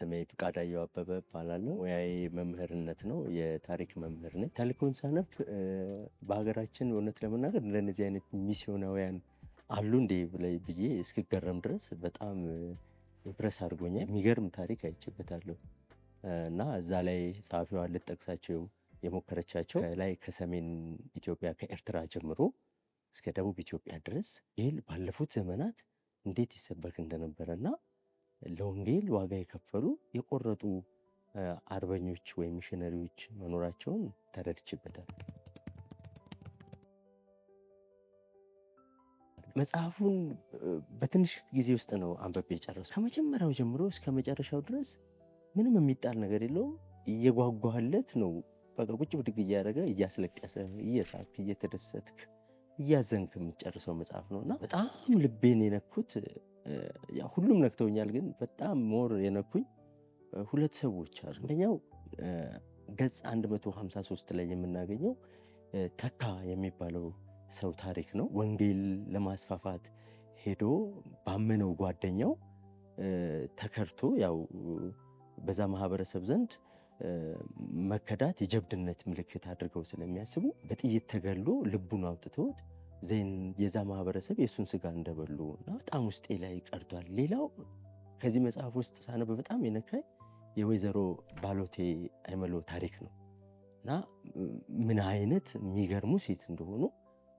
ስሜ ፍቃዳየሁ አበበ እባላለሁ። ሙያዬ መምህርነት ነው። የታሪክ መምህር ነኝ። ታሪኩን ሳነብ በሀገራችን እውነት ለመናገር እንደነዚህ አይነት ሚስዮናውያን አሉ እንዴ ብላይ ብዬ እስክገረም ድረስ በጣም ኢምፕረስ አድርጎኛል። የሚገርም ታሪክ አይችበታለሁ እና እዛ ላይ ጸሐፊዋ ልጠቅሳቸው የሞከረቻቸው ላይ ከሰሜን ኢትዮጵያ ከኤርትራ ጀምሮ እስከ ደቡብ ኢትዮጵያ ድረስ ይህል ባለፉት ዘመናት እንዴት ይሰበክ እንደነበረ እንደነበረና ለወንጌል ዋጋ የከፈሉ የቆረጡ አርበኞች ወይም ሚሽነሪዎች መኖራቸውን ተረድችበታል። መጽሐፉን በትንሽ ጊዜ ውስጥ ነው አንበቤ የጨረሱ። ከመጀመሪያው ጀምሮ እስከ መጨረሻው ድረስ ምንም የሚጣል ነገር የለውም። እየጓጓለት ነው። በቃ ቁጭ ብድግ እያደረገ እያስለቀሰ፣ እየሳክ እየተደሰትክ፣ እያዘንክ የምትጨርሰው መጽሐፍ ነው እና በጣም ልቤን የነኩት ሁሉም ነክተውኛል፣ ግን በጣም ሞር የነኩኝ ሁለት ሰዎች አሉ። አንደኛው ገጽ 153 ላይ የምናገኘው ተካ የሚባለው ሰው ታሪክ ነው። ወንጌል ለማስፋፋት ሄዶ ባመነው ጓደኛው ተከርቶ ያው በዛ ማህበረሰብ ዘንድ መከዳት የጀብድነት ምልክት አድርገው ስለሚያስቡ በጥይት ተገሎ ልቡን አውጥቶት ዜን የዛ ማህበረሰብ የእሱን ስጋ እንደበሉ እና በጣም ውስጤ ላይ ቀርቷል። ሌላው ከዚህ መጽሐፍ ውስጥ ሳነብ በጣም የነካኝ የወይዘሮ ባሎቴ አይመሎ ታሪክ ነው እና ምን አይነት የሚገርሙ ሴት እንደሆኑ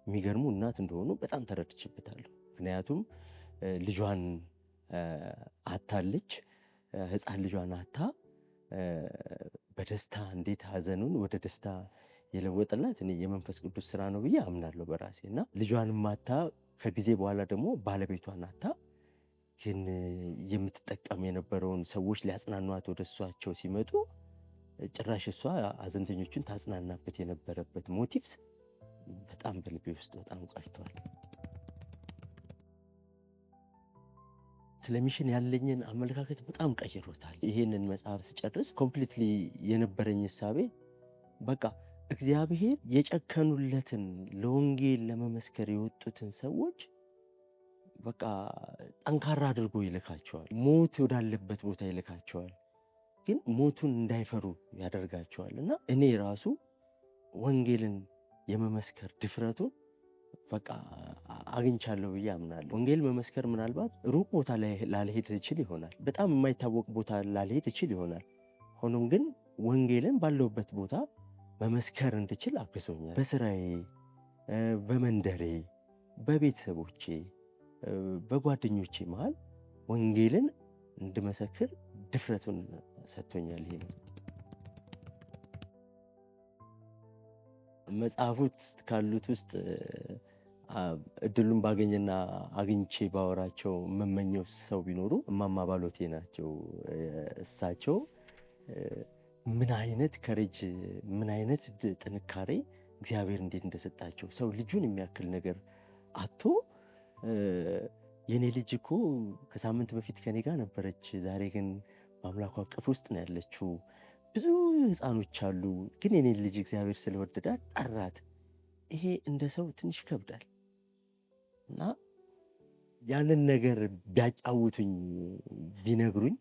የሚገርሙ እናት እንደሆኑ በጣም ተረድችበታለሁ። ምክንያቱም ልጇን አታለች፣ ህፃን ልጇን አታ በደስታ እንዴት ሀዘኑን ወደ ደስታ የለወጠላት እኔ የመንፈስ ቅዱስ ስራ ነው ብዬ አምናለሁ በራሴ እና ልጇን ማታ ከጊዜ በኋላ ደግሞ ባለቤቷን አታ ግን የምትጠቀም የነበረውን ሰዎች ሊያጽናኗት ወደ እሷቸው ሲመጡ ጭራሽ እሷ አዘንተኞቹን ታጽናናበት የነበረበት ሞቲቭስ በጣም በልቤ ውስጥ በጣም ቀርቷል። ስለ ሚሽን ያለኝን አመለካከት በጣም ቀይሮታል። ይሄንን መጽሐፍ ስጨርስ ኮምፕሊትሊ የነበረኝ እሳቤ በቃ እግዚአብሔር የጨከኑለትን ለወንጌል ለመመስከር የወጡትን ሰዎች በቃ ጠንካራ አድርጎ ይልካቸዋል። ሞት ወዳለበት ቦታ ይልካቸዋል። ግን ሞቱን እንዳይፈሩ ያደርጋቸዋል። እና እኔ ራሱ ወንጌልን የመመስከር ድፍረቱን በቃ አግኝቻለሁ ብዬ አምናለሁ። ወንጌል መመስከር ምናልባት ሩቅ ቦታ ላልሄድ እችል ይሆናል፣ በጣም የማይታወቅ ቦታ ላልሄድ እችል ይሆናል። ሆኖም ግን ወንጌልን ባለሁበት ቦታ መመስከር እንድችል አግዞኛል። በስራዬ፣ በመንደሬ፣ በቤተሰቦቼ፣ በጓደኞቼ መሃል ወንጌልን እንድመሰክር ድፍረቱን ሰጥቶኛል። ይሄ ውስጥ ካሉት ውስጥ እድሉን ባገኘና አግኝቼ ባወራቸው የምመኘው ሰው ቢኖሩ እማማ ባሎቴ ናቸው። እሳቸው ምን አይነት ከረጅ ምን አይነት ጥንካሬ እግዚአብሔር እንዴት እንደሰጣቸው ሰው ልጁን የሚያክል ነገር አቶ የኔ ልጅ እኮ ከሳምንት በፊት ከኔ ጋር ነበረች፣ ዛሬ ግን በአምላኩ አቀፍ ውስጥ ነው ያለችው። ብዙ ህፃኖች አሉ፣ ግን የኔ ልጅ እግዚአብሔር ስለወደዳት ጠራት። ይሄ እንደ ሰው ትንሽ ይከብዳል እና ያንን ነገር ቢያጫውቱኝ ቢነግሩኝ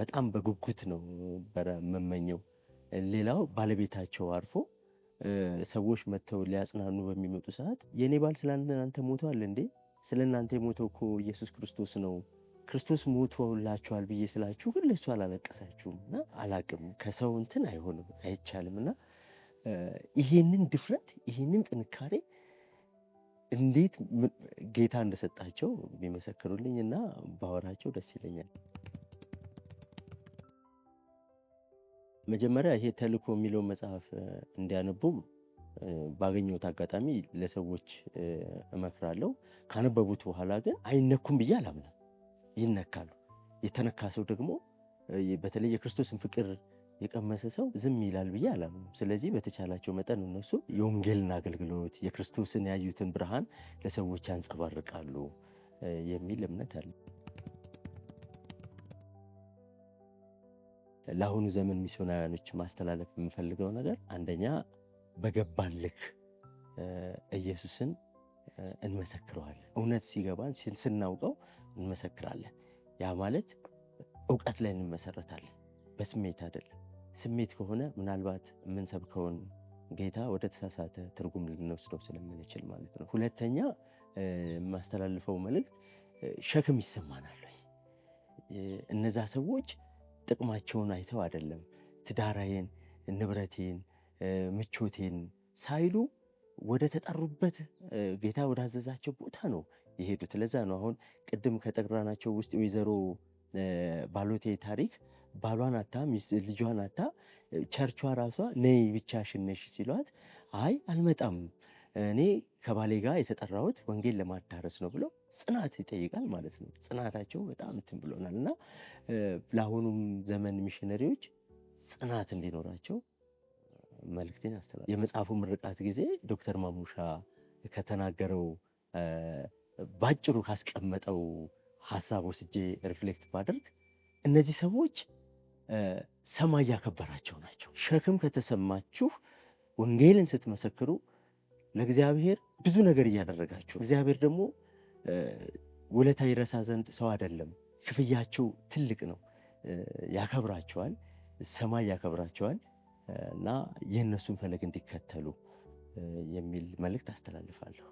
በጣም በጉጉት ነው የምመኘው። ሌላው ባለቤታቸው አርፎ ሰዎች መጥተው ሊያጽናኑ በሚመጡ ሰዓት የእኔ ባል ስለ እናንተ ሞተዋል እንዴ? ስለ እናንተ የሞተው እኮ ኢየሱስ ክርስቶስ ነው ክርስቶስ ሞቶላችኋል ብዬ ስላችሁ ግን ለሱ አላለቀሳችሁም። እና አላቅም ከሰው እንትን አይሆንም አይቻልም። እና ይሄንን ድፍረት ይሄንን ጥንካሬ እንዴት ጌታ እንደሰጣቸው ቢመሰክሩልኝ እና ባወራቸው ደስ ይለኛል። መጀመሪያ ይሄ ተልእኮ የሚለውን መጽሐፍ እንዲያነቡ ባገኘሁት አጋጣሚ ለሰዎች እመክራለሁ። ካነበቡት በኋላ ግን አይነኩም ብዬ አላምንም። ይነካሉ። የተነካ ሰው ደግሞ በተለይ የክርስቶስን ፍቅር የቀመሰ ሰው ዝም ይላል ብዬ አላምንም። ስለዚህ በተቻላቸው መጠን እነሱ የወንጌልን አገልግሎት የክርስቶስን ያዩትን ብርሃን ለሰዎች ያንጸባርቃሉ የሚል እምነት አለ። ለአሁኑ ዘመን ሚስዮናውያኖች ማስተላለፍ የምፈልገው ነገር አንደኛ በገባን ልክ ኢየሱስን እንመሰክረዋለን። እውነት ሲገባን ስናውቀው እንመሰክራለን። ያ ማለት እውቀት ላይ እንመሰረታለን፣ በስሜት አይደለም። ስሜት ከሆነ ምናልባት የምንሰብከውን ጌታ ወደ ተሳሳተ ትርጉም ልንወስደው ስለምንችል ማለት ነው። ሁለተኛ የማስተላልፈው መልእክት ሸክም ይሰማናል። እነዛ ሰዎች ጥቅማቸውን አይተው አይደለም ትዳራዬን፣ ንብረቴን፣ ምቾቴን ሳይሉ ወደ ተጠሩበት ጌታ ወዳዘዛቸው ቦታ ነው የሄዱት። ለዛ ነው አሁን ቅድም ከጠቅራናቸው ውስጥ ወይዘሮ ባሎቴ ታሪክ ባሏን አታ ልጇን አታ ቸርቿ ራሷ ነይ ብቻሽን ነሽ ሲሏት አይ አልመጣም እኔ ከባሌ ጋር የተጠራሁት ወንጌል ለማዳረስ ነው ብሎ ጽናት ይጠይቃል ማለት ነው። ጽናታቸው በጣም እንትን ብሎናል እና ለአሁኑም ዘመን ሚሽነሪዎች ጽናት እንዲኖራቸው መልክትን ያስተላል። የመጽሐፉ ምርቃት ጊዜ ዶክተር ማሙሻ ከተናገረው ባጭሩ ካስቀመጠው ሀሳብ ወስጄ ሪፍሌክት ባደርግ እነዚህ ሰዎች ሰማይ ያከበራቸው ናቸው። ሸክም ከተሰማችሁ ወንጌልን ስትመሰክሩ ለእግዚአብሔር ብዙ ነገር እያደረጋችሁ፣ እግዚአብሔር ደግሞ ውለታ ይረሳ ዘንድ ሰው አይደለም። ክፍያችሁ ትልቅ ነው። ያከብራቸዋል፣ ሰማይ ያከብራቸዋል እና የእነሱን ፈለግ እንዲከተሉ የሚል መልእክት አስተላልፋለሁ።